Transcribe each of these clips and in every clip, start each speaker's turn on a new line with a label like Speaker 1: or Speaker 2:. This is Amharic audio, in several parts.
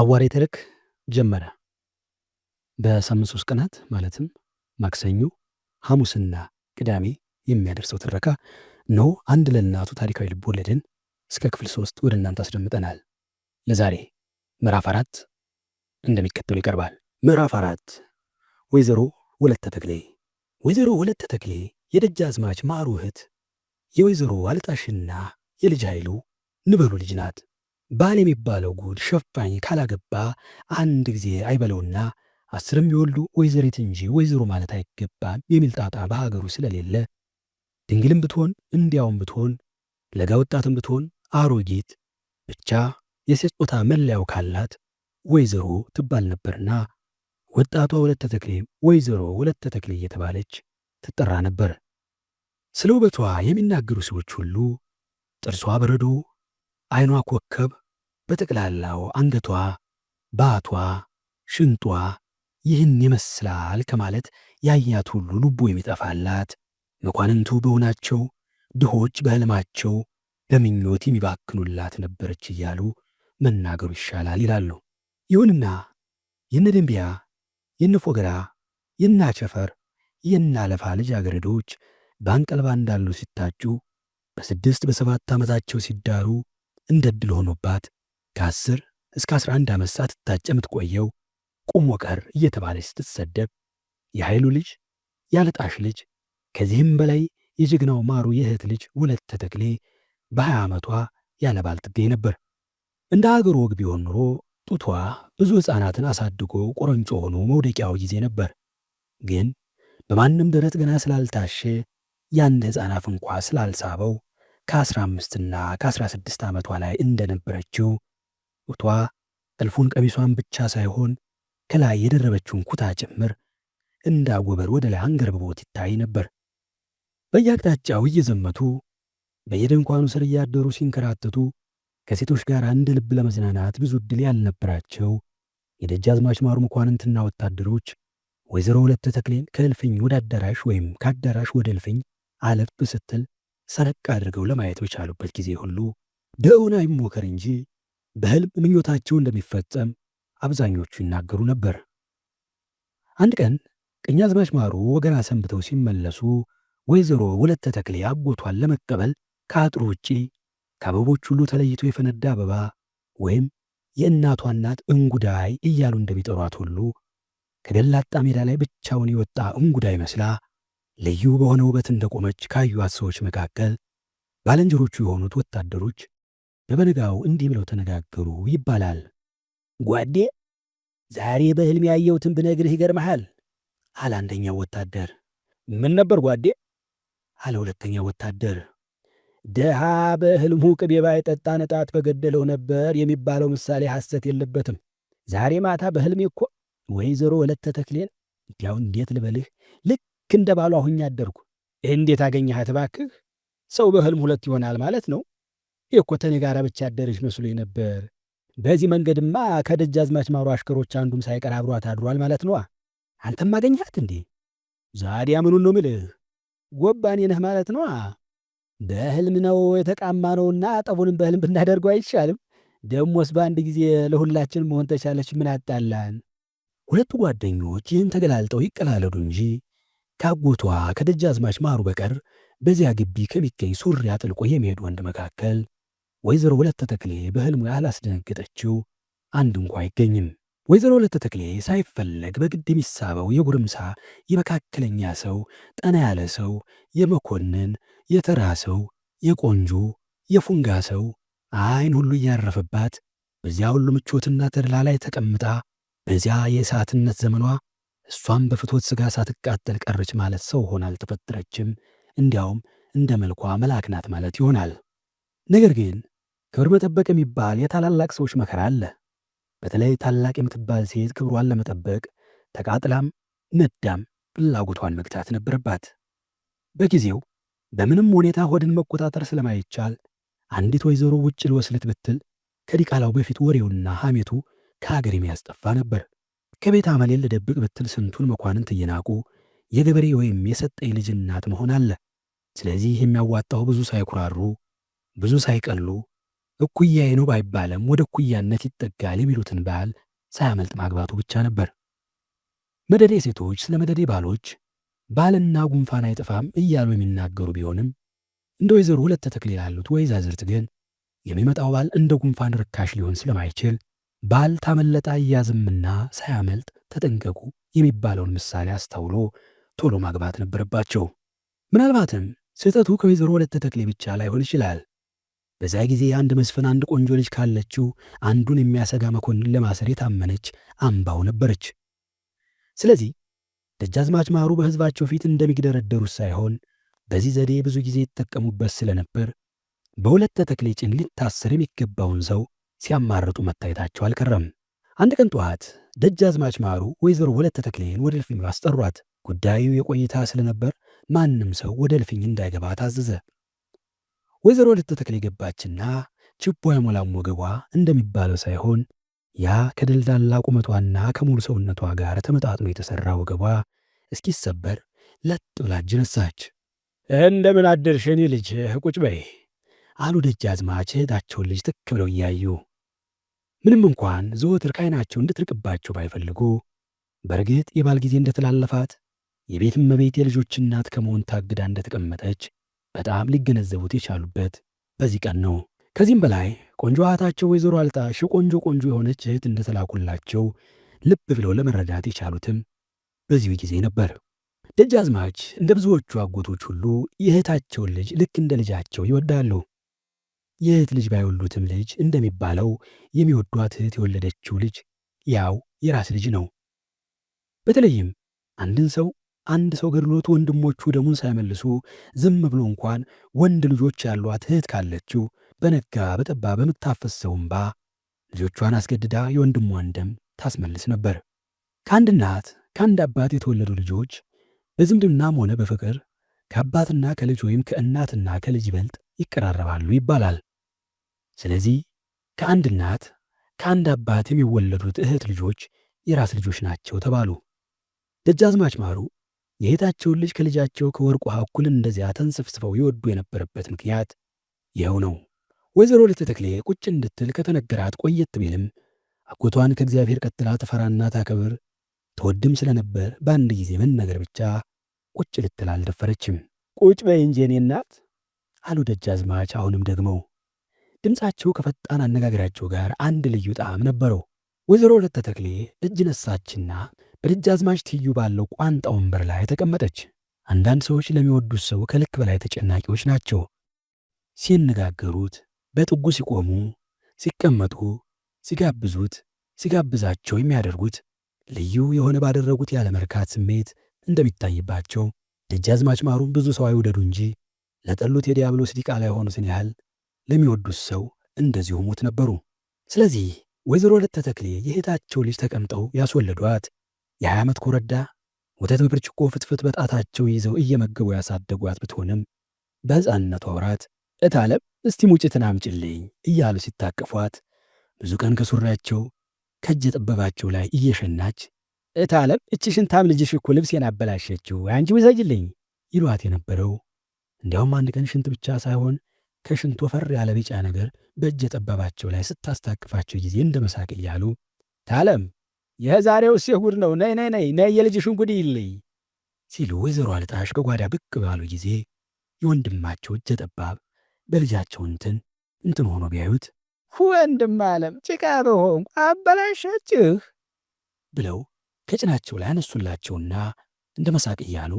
Speaker 1: አዋሬ ተርክ ጀመረ። በሳምንት ሶስት ቀናት ማለትም ማክሰኞ፣ ሐሙስና ቅዳሜ የሚያደርሰው ትረካ ነው። አንድ ለእናቱ ታሪካዊ ልቦለድን እስከ ክፍል ሶስት ወደ እናንተ አስደምጠናል። ለዛሬ ምዕራፍ አራት እንደሚከተሉ ይቀርባል።
Speaker 2: ምዕራፍ አራት ወይዘሮ ወለተ ተክሌ። ወይዘሮ ወለተ ተክሌ የደጃዝማች ማሩ እህት የወይዘሮ አልጣሽና የልጅ ኃይሉ ንበሉ ልጅ ናት። ባል የሚባለው ጉድ ሸፋኝ ካላገባ አንድ ጊዜ አይበለውና አስርም የወልዱ ወይዘሪት እንጂ ወይዘሮ ማለት አይገባም የሚል ጣጣ በሀገሩ ስለሌለ ድንግልም ብትሆን እንዲያውም ብትሆን ለጋ ወጣትም ብትሆን አሮጊት ብቻ የሴት ጾታ መለያው ካላት ወይዘሮ ትባል ነበርና ወጣቷ ወለተ ተክሌ ወይዘሮ ወለተ ተክሌ እየተባለች ትጠራ ነበር። ስለ ውበቷ የሚናገሩ ሰዎች ሁሉ ጥርሷ በረዶ፣ አይኗ ኮከብ በጠቅላላው አንገቷ፣ ባቷ፣ ሽንጧ ይህን ይመስላል ከማለት ያያት ሁሉ ልቡ የሚጠፋላት መኳንንቱ በሆናቸው ድሆች በሕልማቸው በምኞት የሚባክኑላት ነበረች እያሉ መናገሩ ይሻላል ይላሉ። ይሁንና የነ ደንቢያ የነ ፎገራ የነ አቸፈር የነ አለፋ ልጃገረዶች በአንቀልባ እንዳሉ ሲታጩ በስድስት በሰባት ዓመታቸው ሲዳሩ እንደ ድል ሆኖባት ከ10 እስከ 11 ዓመት ሳትታጭ የምትቆየው ቁሞ ቀር እየተባለች ስትሰደብ የኃይሉ ልጅ ያለጣሽ ልጅ ከዚህም በላይ የጀግናው ማሩ የእህት ልጅ ወለተ ተክሌ በ20 ዓመቷ ያለ ባል ትገኝ ነበር። እንደ አገር ወግ ቢሆን ኑሮ ጡቷ ብዙ ሕፃናትን አሳድጎ ቆረንጮ ሆኖ መውደቂያው ጊዜ ነበር። ግን በማንም ደረት ገና ስላልታሸ ያንድ ሕፃን አፍ እንኳ ስላልሳበው ከ15 እና ከ16 ዓመቷ ላይ እንደነበረችው ጡቷ ጥልፉን ቀሚሷን ብቻ ሳይሆን ከላይ የደረበችውን ኩታ ጭምር እንዳጎበር ወደ ላይ አንገርብቦት ይታይ ነበር። በየአቅጣጫው እየዘመቱ በየድንኳኑ ስር እያደሩ ሲንከራተቱ ከሴቶች ጋር አንድ ልብ ለመዝናናት ብዙ ዕድል ያልነበራቸው የደጃዝማች ማሩ መኳንንትና ወታደሮች ወይዘሮ ሁለት ተክሌን ከእልፍኝ ወደ አዳራሽ ወይም ከአዳራሽ ወደ እልፍኝ አለፍ ስትል ሰረቅ አድርገው ለማየት በቻሉበት ጊዜ ሁሉ ደውን አይሞከር እንጂ በህልም ምኞታቸው እንደሚፈጸም አብዛኞቹ ይናገሩ ነበር። አንድ ቀን ቀኛዝማች ማሩ ወገና ሰንብተው ሲመለሱ ወይዘሮ ወለተ ተክሌ አጎቷን ለመቀበል ከአጥሩ ውጪ ከአበቦች ሁሉ ተለይቶ የፈነዳ አበባ ወይም የእናቷ እናት እንጉዳይ እያሉ እንደሚጠሯት ሁሉ ከገላጣ ሜዳ ላይ ብቻውን የወጣ እንጉዳይ መስላ ልዩ በሆነ ውበት እንደቆመች ካዩት ሰዎች መካከል ባለንጀሮቹ የሆኑት ወታደሮች በበነጋው እንዲህ ብለው ተነጋገሩ ይባላል። ጓዴ ዛሬ በሕልም ያየሁትን ብነግርህ ይገርመሃል አለ አንደኛው ወታደር። ምን ነበር ጓዴ አለ ሁለተኛው ወታደር። ድሃ በሕልሙ ቅቤ ባይጠጣ ንጣት በገደለው ነበር የሚባለው ምሳሌ ሐሰት የለበትም። ዛሬ ማታ በሕልሜ እኮ ወይዘሮ ወለተ ተክሌን እንዲያው እንዴት ልበልህ ልክ እንደ ባሏ ሁኛ አደርጉ። እንዴት አገኘህ? እባክህ? ሰው በሕልም ሁለት ይሆናል ማለት ነው። እኮ ተኔ ጋር ብቻ ያደረች መስሎኝ ነበር። በዚህ መንገድማ ከደጃዝማች ማሩ አሽከሮች አንዱም ሳይቀር አብሯት አድሯል ማለት ነዋ። አንተም ማገኛት እንዴ? ዛዲያ ምኑን ነው ምልህ፣ ጎባኔ ነህ ማለት ነዋ። በህልም ነው የተቃማ ነውና ጠቡንም በህልም ብናደርገው አይቻልም። ደሞስ በአንድ ጊዜ ለሁላችን መሆን ተቻለች፣ ምን አጣላን? ሁለቱ ጓደኞች ይህን ተገላልጠው ይቀላለዱ እንጂ ካጎቷ ከደጃዝማች ማሩ በቀር በዚያ ግቢ ከሚገኝ ሱሪ አጥልቆ የሚሄድ ወንድ መካከል ወይዘሮ ሁለት ተክሌ በህልሙ ያላስደነገጠችው አንድ እንኳ አይገኝም። ወይዘሮ ሁለት ተክሌ ሳይፈለግ በግድ የሚሳበው የጉርምሳ የመካከለኛ ሰው፣ ጠና ያለ ሰው፣ የመኮንን፣ የተራ ሰው፣ የቆንጆ፣ የፉንጋ ሰው አይን ሁሉ እያረፈባት በዚያ ሁሉ ምቾትና ተድላ ላይ ተቀምጣ በዚያ የእሳትነት ዘመኗ እሷም በፍትወት ሥጋ ሳትቃጠል ቀረች ማለት ሰው ሆና አልተፈጠረችም። እንዲያውም እንደ መልኳ መልአክ ናት ማለት ይሆናል። ነገር ግን ክብር መጠበቅ የሚባል የታላላቅ ሰዎች መከራ አለ። በተለይ ታላቅ የምትባል ሴት ክብሯን ለመጠበቅ ተቃጥላም ነዳም ፍላጎቷን መግታት ነበረባት። በጊዜው በምንም ሁኔታ ሆድን መቆጣጠር ስለማይቻል አንዲት ወይዘሮ ውጭ ልወስልት ብትል ከዲቃላው በፊት ወሬውና ሐሜቱ ከሀገር የሚያስጠፋ ነበር። ከቤት አመሌን ልደብቅ ብትል ስንቱን መኳንንት እየናቁ የገበሬ ወይም የሰጠኝ ልጅ እናት መሆን አለ። ስለዚህ የሚያዋጣው ብዙ ሳይኩራሩ ብዙ ሳይቀሉ እኩያዬ ነው ባይባለም ወደ እኩያነት ይጠጋል የሚሉትን ባህል ሳያመልጥ ማግባቱ ብቻ ነበር። መደዴ ሴቶች ስለ መደዴ ባሎች ባልና ጉንፋን አይጠፋም እያሉ የሚናገሩ ቢሆንም እንደ ወይዘሮ ሁለት ተክሌ ላሉት ወይዛዝርት ግን የሚመጣው ባል እንደ ጉንፋን ርካሽ ሊሆን ስለማይችል ባል ታመለጣ እያዝምና ሳያመልጥ ተጠንቀቁ የሚባለውን ምሳሌ አስተውሎ ቶሎ ማግባት ነበረባቸው። ምናልባትም ስህተቱ ከወይዘሮ ሁለት ተክሌ ብቻ ላይሆን ይችላል። በዚያ ጊዜ አንድ መስፍን አንድ ቆንጆ ልጅ ካለችው አንዱን የሚያሰጋ መኮንን ለማሰር የታመነች አምባው ነበረች። ስለዚህ ደጃዝማች ማሩ በሕዝባቸው ፊት እንደሚግደረደሩት ሳይሆን በዚህ ዘዴ ብዙ ጊዜ ይጠቀሙበት ስለነበር በሁለተ ተክሌ ጭን ሊታሰር የሚገባውን ሰው ሲያማርጡ መታየታቸው አልቀረም። አንድ ቀን ጠዋት ደጃዝማች ማሩ ወይዘሮ ሁለተ ተክሌን ወደ እልፍኝ አስጠሯት። ጉዳዩ የቆይታ ስለነበር ማንም ሰው ወደ እልፍኝ እንዳይገባ ታዘዘ። ወይዘሮ ተክል የገባችና ችቦ አይሞላም ወገቧ እንደሚባለው ሳይሆን ያ ከደልዳላ ቁመቷና ከሙሉ ሰውነቷ ጋር ተመጣጥኖ የተሠራ ወገቧ እስኪሰበር ለጥ ብላ እጅ ነሳች። እንደምን አደርሽ የኔ ልጅ፣ ቁጭ በይ አሉ ደጃዝማች እህታቸውን ልጅ ትክ ብለው እያዩ። ምንም እንኳን ዘወትር ከዓይናቸው እንድትርቅባቸው ባይፈልጉ፣ በእርግጥ የባል ጊዜ እንደተላለፋት የቤት እመቤት የልጆች እናት ከመሆን ታግዳ እንደተቀመጠች በጣም ሊገነዘቡት የቻሉበት በዚህ ቀን ነው። ከዚህም በላይ ቆንጆ እህታቸው ወይዘሮ አልጣሽ ቆንጆ ቆንጆ የሆነች እህት እንደተላኩላቸው ልብ ብለው ለመረዳት የቻሉትም በዚሁ ጊዜ ነበር። ደጃዝማች እንደ ብዙዎቹ አጎቶች ሁሉ የእህታቸውን ልጅ ልክ እንደ ልጃቸው ይወዳሉ። የእህት ልጅ ባይወሉትም ልጅ እንደሚባለው የሚወዷት እህት የወለደችው ልጅ ያው የራስ ልጅ ነው። በተለይም አንድን ሰው አንድ ሰው ገድሎት ወንድሞቹ ደሙን ሳይመልሱ ዝም ብሎ እንኳን ወንድ ልጆች ያሏት እህት ካለችው በነጋ በጠባ በምታፈስ ሰውንባ ልጆቿን አስገድዳ የወንድሟን ደም ታስመልስ ነበር። ከአንድ እናት ከአንድ አባት የተወለዱ ልጆች በዝምድናም ሆነ በፍቅር ከአባትና ከልጅ ወይም ከእናትና ከልጅ ይበልጥ ይቀራረባሉ ይባላል። ስለዚህ ከአንድ እናት ከአንድ አባት የሚወለዱት እህት ልጆች የራስ ልጆች ናቸው ተባሉ። ደጃዝማች ማሩ የእህታቸውን ልጅ ከልጃቸው ከወርቁ ውሃ እኩል እንደዚያ ተንሰፍስፈው ይወዱ የነበረበት ምክንያት ይኸው ነው። ወይዘሮ ተክሌ ቁጭ እንድትል ከተነገራት ቆየት ቢልም አጎቷን ከእግዚአብሔር ቀጥላ ተፈራና ታከብር ተወድም ስለነበር በአንድ ጊዜ መናገር ብቻ ቁጭ ልትል አልደፈረችም። ቁጭ በይ እንጂ የኔ እናት አሉ ደጃዝማች። አሁንም ደግሞ ድምፃቸው ከፈጣን አነጋገራቸው ጋር አንድ ልዩ ጣዕም ነበረው። ወይዘሮ ተክሌ እጅ ነሳችና በደጃዝማች ትይዩ ባለው ቋንጣ ወንበር ላይ ተቀመጠች። አንዳንድ ሰዎች ለሚወዱት ሰው ከልክ በላይ ተጨናቂዎች ናቸው። ሲነጋገሩት፣ በጥጉ ሲቆሙ፣ ሲቀመጡ፣ ሲጋብዙት፣ ሲጋብዛቸው የሚያደርጉት ልዩ የሆነ ባደረጉት ያለመርካት ስሜት እንደሚታይባቸው ደጃዝማች ማሩን ብዙ ሰው አይውደዱ እንጂ ለጠሉት የዲያብሎስ ዲቃላ የሆኑትን ያህል ለሚወዱት ሰው እንደዚሁ ሙት ነበሩ። ስለዚህ ወይዘሮ ለተተክሌ የእህታቸው ልጅ ተቀምጠው ያስወለዷት የሀያ ዓመት ኮረዳ ወተት በብርጭቆ ፍትፍት በጣታቸው ይዘው እየመገቡ ያሳደጓት ብትሆንም በሕፃንነቷ ወራት እታለም እስቲ ሙጭትን አምጪልኝ እያሉ ሲታቀፏት ብዙ ቀን ከሱሪያቸው ከእጀ ጥበባቸው ላይ እየሸናች እታለም እቺ ሽንታም ልጅሽ እኮ ልብስ የናበላሸችው አንቺ ውሰጅልኝ ይሏት የነበረው እንዲያውም አንድ ቀን ሽንት ብቻ ሳይሆን ከሽንት ወፈር ያለ ቢጫ ነገር በእጀ ጠበባቸው ላይ ስታስታቅፋቸው ጊዜ እንደ መሳቅ እያሉ ታለም የዛሬው እሴ ጉድ ነው፣ ነይ ነይ ነይ ነይ የልጅሽን ጉድ ይልኝ ሲሉ ወይዘሮ አልጣሽ ከጓዳ ብቅ ባሉ ጊዜ የወንድማቸው እጀ ጠባብ በልጃቸው እንትን እንትን ሆኖ ቢያዩት ወንድም አለም ጭቃ በሆንኩ አበላሸችህ ብለው ከጭናቸው ላይ አነሱላቸውና እንደ መሳቅ እያሉ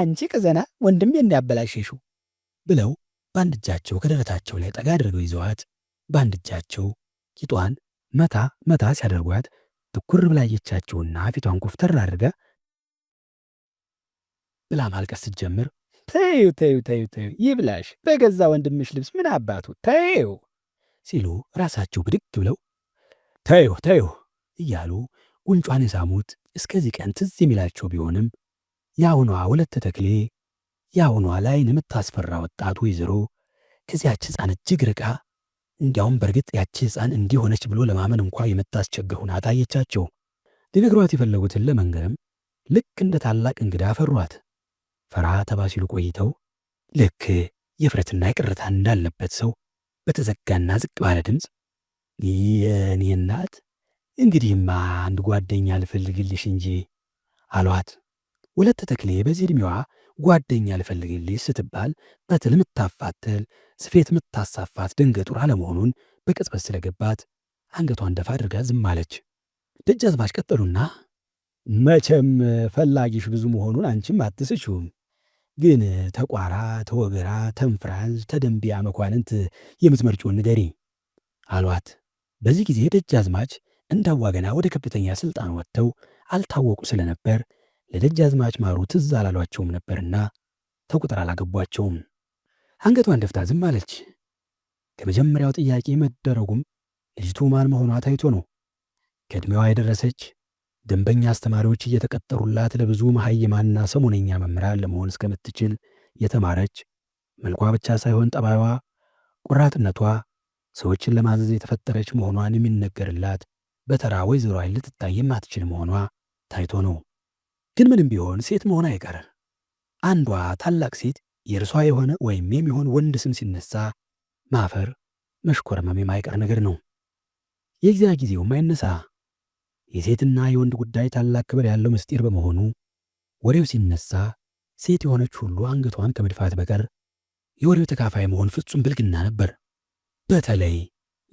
Speaker 2: አንቺ ቅዘና ወንድሜን ያበላሸሹ ብለው በአንድ እጃቸው ከደረታቸው ላይ ጠጋ አድርገው ይዘዋት በአንድ እጃቸው ቂጧን መታ መታ ሲያደርጓት ትኩር ብላ አየቻቸውና ፊቷን ኮፍተር አድርጋ ብላ ማልቀስ ስትጀምር ተዩ ተዩ ተዩ ተዩ ይብላሽ፣ በገዛ ወንድምሽ ልብስ ምን አባቱ ተዩ ሲሉ ራሳቸው ብድግ ብለው ተዩ ተዩ እያሉ ጉንጯን የሳሙት እስከዚህ ቀን ትዝ የሚላቸው ቢሆንም የአሁኗ ሁለት ተክሌ የአሁኗ ላይ የምታስፈራ ወጣት ወይዘሮ ከዚያች ሕፃን እጅግ ርቃ እንዲያውም በእርግጥ ያቺ ሕፃን እንዲሆነች ብሎ ለማመን እንኳ የምታስቸግር ሁናታ ታየቻቸው። ሊነግሯት የፈለጉትን ለመንገርም ልክ እንደ ታላቅ እንግዳ ፈሯት። ፈራ ተባሲሉ ቆይተው ልክ የፍረትና የቅርታ እንዳለበት ሰው በተዘጋና ዝቅ ባለ ድምፅ የእኔ እናት እንግዲህማ አንድ ጓደኛ ልፈልግልሽ እንጂ አሏት። ወለተ ተክሌ በዚህ ዕድሜዋ ጓደኛ ልፈልግልሽ ስትባል በትል ምታፋትል ስፌት ምታሳፋት ደንገጡር አለመሆኑን በቅጽበት ስለገባት አንገቷን ደፋ አድርጋ ዝም አለች። ደጃዝማች ቀጠሉና መቼም ፈላጊሽ ብዙ መሆኑን አንቺም አትስችውም፣ ግን ተቋራ፣ ተወገራ፣ ተንፍራዝ፣ ተደንቢያ መኳንንት የምትመርጪውን ንገሪ አሏት። በዚህ ጊዜ ደጃዝማች እንዳዋገና ወደ ከፍተኛ ስልጣን ወጥተው አልታወቁ ስለነበር ለደጃዝማች ማሩ ትዝ አላሏቸውም ነበርና ተቁጥር አላገቧቸውም። አንገቷን ደፍታ ዝም አለች። ከመጀመሪያው ጥያቄ መደረጉም ልጅቱ ማን መሆኗ ታይቶ ነው። ከእድሜዋ የደረሰች ደንበኛ አስተማሪዎች እየተቀጠሩላት ለብዙ መሀይማንና ሰሞነኛ መምህራን ለመሆን እስከምትችል የተማረች መልኳ ብቻ ሳይሆን ጠባይዋ፣ ቁራጥነቷ፣ ሰዎችን ለማዘዝ የተፈጠረች መሆኗን የሚነገርላት በተራ ወይዘሮ ልትታይ የማትችል መሆኗ ታይቶ ነው። ግን ምንም ቢሆን ሴት መሆን አይቀር። አንዷ ታላቅ ሴት የእርሷ የሆነ ወይም የሚሆን ወንድ ስም ሲነሳ ማፈር መሽኮረመም የማይቀር ነገር ነው። የዚያ ጊዜው ማይነሳ የሴትና የወንድ ጉዳይ ታላቅ ክብር ያለው ምስጢር በመሆኑ ወሬው ሲነሳ ሴት የሆነች ሁሉ አንገቷን ከመድፋት በቀር የወሬው ተካፋይ መሆን ፍጹም ብልግና ነበር። በተለይ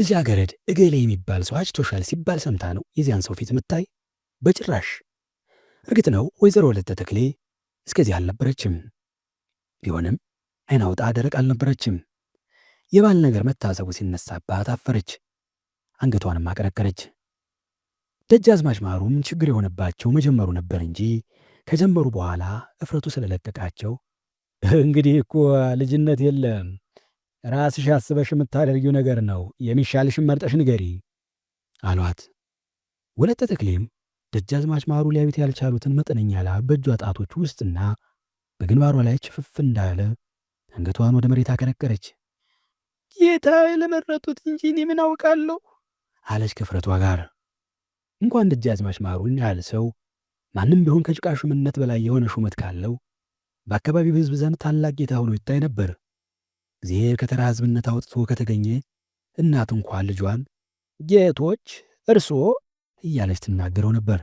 Speaker 2: ልጃገረድ እገሌ የሚባል ሰው አጭቶሻል ሲባል ሰምታ ነው የዚያን ሰው ፊት ምታይ በጭራሽ እርግጥ ነው ወይዘሮ ወለተ ተክሌ እስከዚህ አልነበረችም። ቢሆንም ዓይን አውጣ ደረቅ አልነበረችም። የባል ነገር መታሰቡ ሲነሳባት አፈረች፣ አንገቷንም አቀረቀረች። ደጃዝማች ማሩም ችግር የሆነባቸው መጀመሩ ነበር እንጂ ከጀመሩ በኋላ እፍረቱ ስለለቀቃቸው እንግዲህ እኮ ልጅነት የለም ራስሽ አስበሽ የምታደርጊው ነገር ነው የሚሻልሽን መርጠሽ ንገሪ አሏት። ወለተ ተክሌም ደጃዝማች ማሩ ሊያዩት ያልቻሉትን መጠነኛ ላብ በእጇ ጣቶች ውስጥና በግንባሯ ላይ ችፍፍ እንዳለ አንገቷን ወደ መሬት አቀረቀረች። ጌታ ለመረጡት እንጂ እኔ ምን አውቃለሁ አለች ከፍረቷ ጋር። እንኳን ደጃዝማች ማሩን ያህል ሰው ማንም ቢሆን ከጭቃ ሹምነት በላይ የሆነ ሹመት ካለው በአካባቢው ሕዝብ ዘንድ ታላቅ ጌታ ሆኖ ይታይ ነበር። እግዚአብሔር ከተራ ሕዝብነት አውጥቶ ከተገኘ እናት እንኳን ልጇን ጌቶች እርስዎ እያለች ትናገረው ነበር።